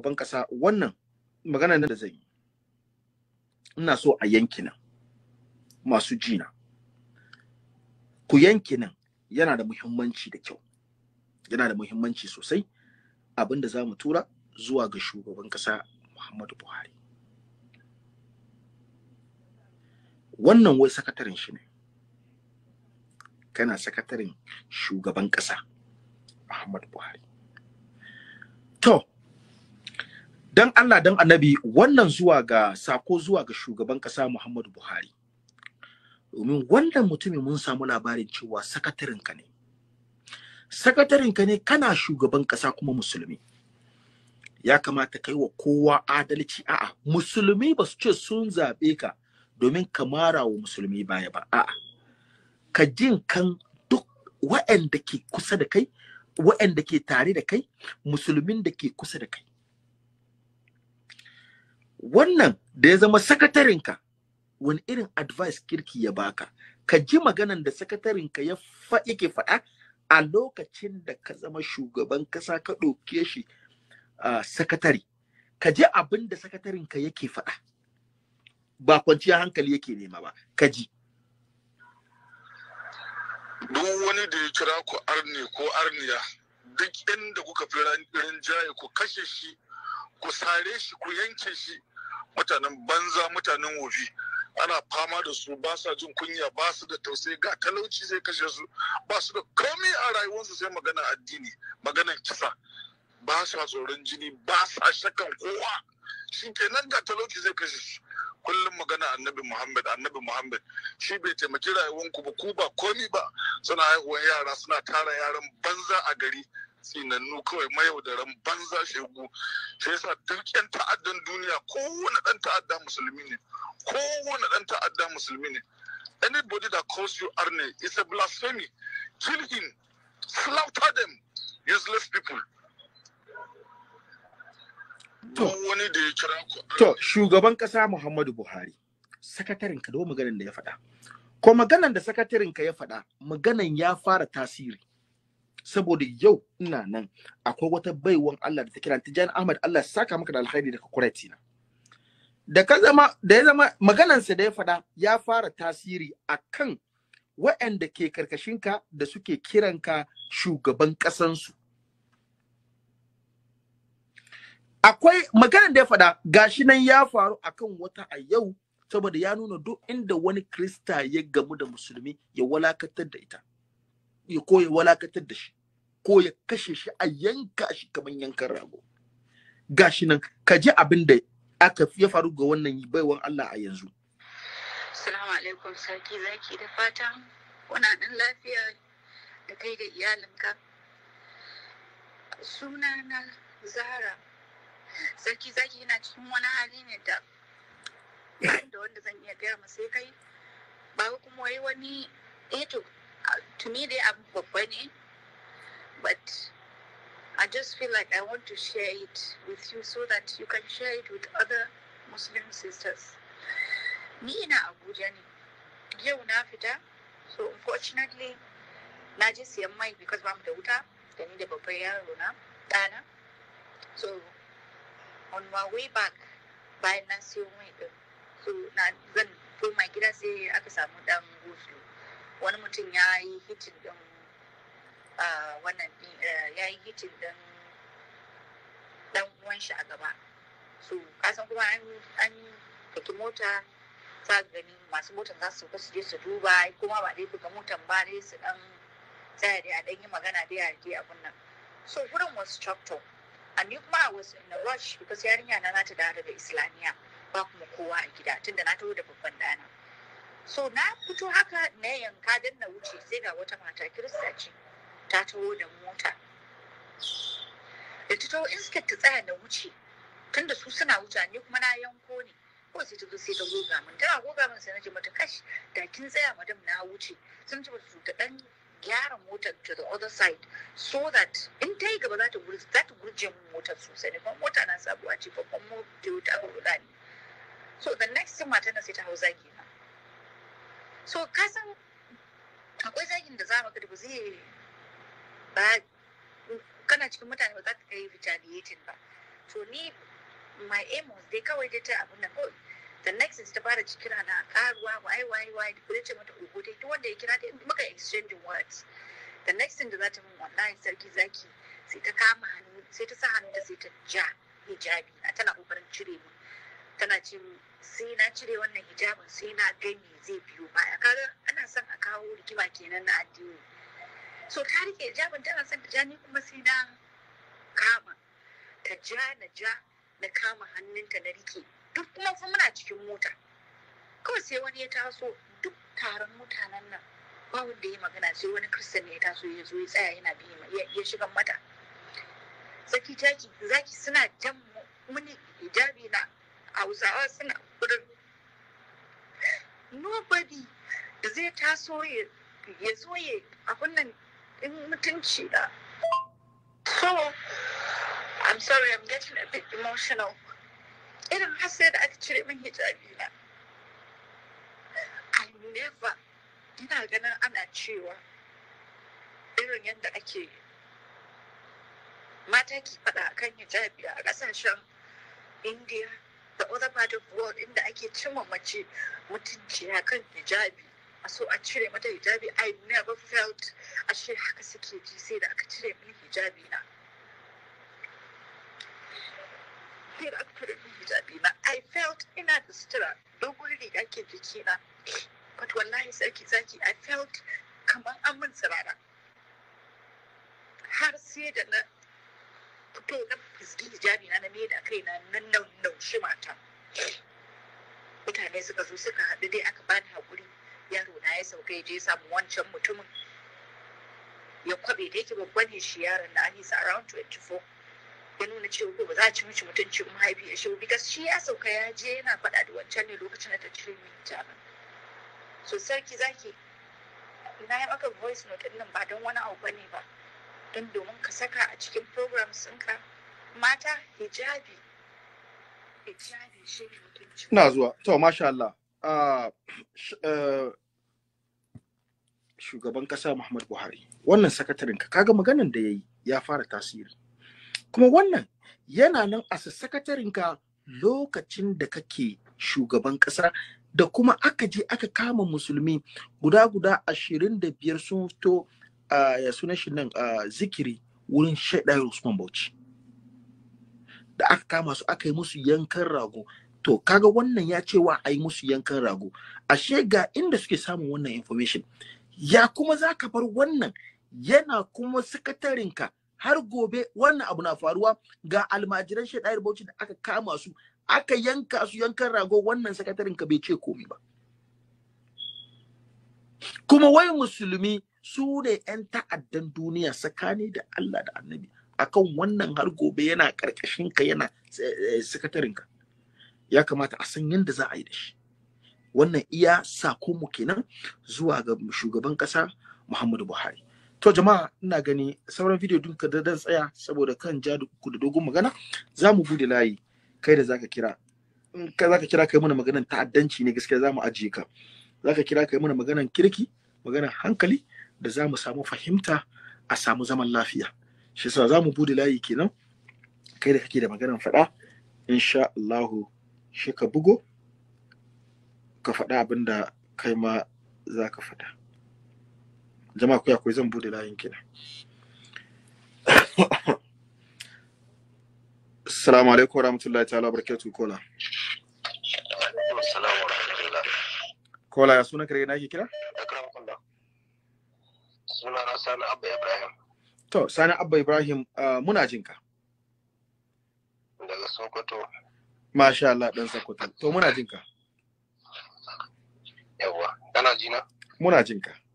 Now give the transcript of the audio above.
shugaban kasa wannan magana da zan yi ina so a yanki nan masu jina ku yanki nan yana da muhimmanci da kyau yana da muhimmanci sosai abinda za mu tura zuwa ga shugaban kasa muhammadu buhari wannan wai sakataren shi ne kana sakataren shugaban ƙasa muhammadu buhari to dan Allah dan annabi wannan zuwa ga sako zuwa ga shugaban kasa Muhammadu Buhari domin wannan mutumin mun samu labarin cewa sakatarinka ne sakatarinka ne kana shugaban kasa kuma musulmi ya kamata kai wa kowa adalci a'a musulmi ba su ce sun zaɓe ka domin ka mara wa musulmi baya ba a'a ka jin kan duk wa'anda ke kusa da kai wa'anda ke tare da kai musulmin da ke kusa da kai wannan da ya zama sakatarinka wani irin advice kirki ya baka ka ji maganan da sakatarinka ya yake faɗa a lokacin da ka zama shugaban kasa ka ɗauke shi a sakatari ka ji abin da sakatarinka yake faɗa ba kwanciyar hankali yake nema ba ka ji duk wani da ya kira ku arne ko arniya duk inda kuka fi rinjaye ku kashe shi ku sare shi ku yanke shi mutanen banza mutanen wofi ana fama da su ba sa jin kunya ba su da tausayi ga talauci zai kashe su ba su da komai a rayuwarsu sai magana addini maganar kisa ba sa tsoron jini ba sa shakan kowa shi kenan ga talauci zai kashe su kullum magana annabi muhammad annabi muhammad shi bai taimaki rayuwarku ba ku ba komi ba suna haihuwar yara suna tara yaran banza a gari tsinannu kawai mayaudaran banza shegu sai yasa duk yan ta'addan duniya kowane dan ta'adda musulmi ne kowane dan ta'adda musulmi ne anybody that calls you arne is a blasphemy kill him slaughter them useless people wani da ya kira ku to shugaban kasa muhammadu buhari sakatarinka da maganar da ya faɗa ko maganan da sakatarinka ya faɗa maganan ya fara tasiri saboda yau ina nan akwai wata baiwan Allah da ta kira Tijani Ahmad Allah saka maka da alkhairi daga kureti na da ka zama da ya zama maganansa da ya faɗa ya fara tasiri akan wa'anda ke karkashin ka da suke kiran ka shugaban ƙasansu akwai maganar da ya faɗa gashi nan ya faru akan wata a yau saboda ya nuna duk inda wani krista ya gamu da musulmi ya walakatar da ita ya ko ya walakatar da shi ko ya kashe shi a yanka shi kamar yankan rago gashi nan ka ji abin da aka ya faru ga wannan baiwan Allah a yanzu Assalamu alaikum sarki zaki da Fata. kuna nan lafiya da kai da iyalinka sunana Zahra sarki zaki yana cikin wani hali ne da da wanda zan iya gaya sai kai ba kuma wai wani eto eh to me, they are Bokweni, but I just feel like I want to share it with you so that you can share it with other Muslim sisters. Me, na Abuja ne, yau na fita, so unfortunately, na just siyan my because ba mu da wuta da ni da babban yaro na So, on my way back, by na siyo mai so na zan my gida si ako sa mudang gosulo. wani mutum ya yi hitin din wannan eh, hitin din dan shi a gaba so kasan kuma an kaki mota ta gani masu motan za su sauka su je su duba kuma ba dai fuka motan ba dai su dan tsaya da a dan yi magana dai a rike abun nan so wurin was choked a ni kuma a was in a rush because yarinya na zata da da islamiyya, ba kuma kowa a gida tunda na taho da babban dana so na fito haka na yanka don na wuce sai ga wata mata kirista ce ta taho da mota da ta taho iskar ta tsaya na wuce tunda su suna wuce ne kuma na yanko ne ko sai ta zo sai ta goga min tana goga min sai na ce mata kash da kin tsaya madam na wuce sun ce su ta dan gyara motar to the other side so that in ta yi gaba za ta gurje za min motar sosai ne kuma mota na sabuwa ce babban mota ta wuta ne so the next thing mata na sai ta hau zagi so ka san akwai zagin da za ka da ba zai ba kana cikin mutane ba za ka kai retaliating ba to ni my aim was dai kawai dai ta abin nan kawai the next is ta fara kira na karuwa wai wai wai da kuma ce mata ogo dai duk wanda ya kira dai muka exchange words the next thing da za ta min wallahi sarki zaki sai ta kama hannu sai ta sa hannu da sai ta ja hijabi na tana kokarin cire mu tana ce sai na cire wannan hijabin sai na gani zai biyo baya kaga ana son a kawo rikima kenan na addini so ta rike hijabin tana son ta ja ni kuma sai na kama ta ja na ja na kama hannunta na rike duk kuma fa muna cikin mota kawai sai wani ya taso duk taron mutanen nan ba wanda ya magana sai wani kristan ne ya taso ya zo ya tsaya yana bi ya shiga mata tsaki taki zaki suna jan muni hijabi na hausawa suna kurin nobody zai taso ya zo ya abin nan in mutunci da so i'm sorry i'm getting a bit emotional irin har da aka cire min hijabi na i never ina ganin ana cewa irin yadda ake mata ke faɗa akan hijabi a ƙasashen india the other part of world inda ake cimma mace mutunciya kan hijabi a so a cire mata hijabi i never felt ashe haka suke ji sai da aka cire min hijabi na sai da aka cire min hijabi na i felt ina da sutura dogon riga ke jiki na but wallahi sarki zaki i felt kamar an min tsirara har sai da na fito na fizgi hijabi na na me da kai na na naushe ma suka zo suka haɗu dai aka bani haƙuri yaro na ya sauka ya je samu wancan mutumin ya kwabe da yake babban ne shi yaron na anisa around 24 ya nuna cewa ko ba za a ci mishi mutuncin mahaifi ya shigo because shi ya sauka ya je yana faɗa da wancan ne lokacin da ta cire min hijabin so sarki zaki na yi maka voice note ɗin nan ba don wani abu bane ba don domin ka saka a cikin programs ɗinka mata hijabi hijabi shi ne Ina zuwa. To, masha Allah. Ah, eh, shugaban ƙasa Muhammad Buhari, wannan sakatarinka, kaga maganan da ya yi ya fara tasiri. Kuma wannan yana nan a sakatarinka lokacin da kake shugaban ƙasa da kuma aka je aka kama musulmi guda-guda ashirin da biyar sun fito ah, ya suna shi nan ah, zikiri wurin ya Usman Bauchi. Da aka kama su aka yi musu yankan rago to kaga wannan ya ce wa a yi musu yankan rago ashe ga inda suke samun wannan information ya kuma za ka bar wannan yana kuma sakatarinka har gobe wannan abu na faruwa ga almajiran shaidayar bauchi da aka kama su aka yanka su yankan rago wannan sakatarinka bai ce komi ba kuma wai musulmi su ne 'yan ta'addan duniya tsakani da Allah da annabi akan wannan har gobe yana ka yana eh, eh, sakatarinka. ya kamata a san yadda za a yi da shi wannan iya mu kenan zuwa ga shugaban ƙasa muhammadu buhari to jama'a ina gani sauran bidiyo dinka da dan tsaya saboda kan ja ku da dogon magana za mu bude layi kai da zaka kira in ka zaka kira kai mana maganan ta'addanci ne gaskiya za mu ajiye ka zaka kira kai mana maganan kirki maganan hankali da za mu samu fahimta a samu zaman lafiya shi yasa za mu bude layi kenan kai da kake da maganan faɗa insha Allahu shi ka bugo ka faɗa abin da kai ma za ka faɗa jama'a kuya kuwa zan bude layin kina assalamu alaikum wa rahmatullahi ta'ala barakatu kola kola ya suna kare na yake kira suna na sani abba ibrahim to sani abba ibrahim ah, muna jinka daga sokoto Masha Allah ɗan Sokoto. To muna jinka. Yawwa, kana jina? Muna jinka.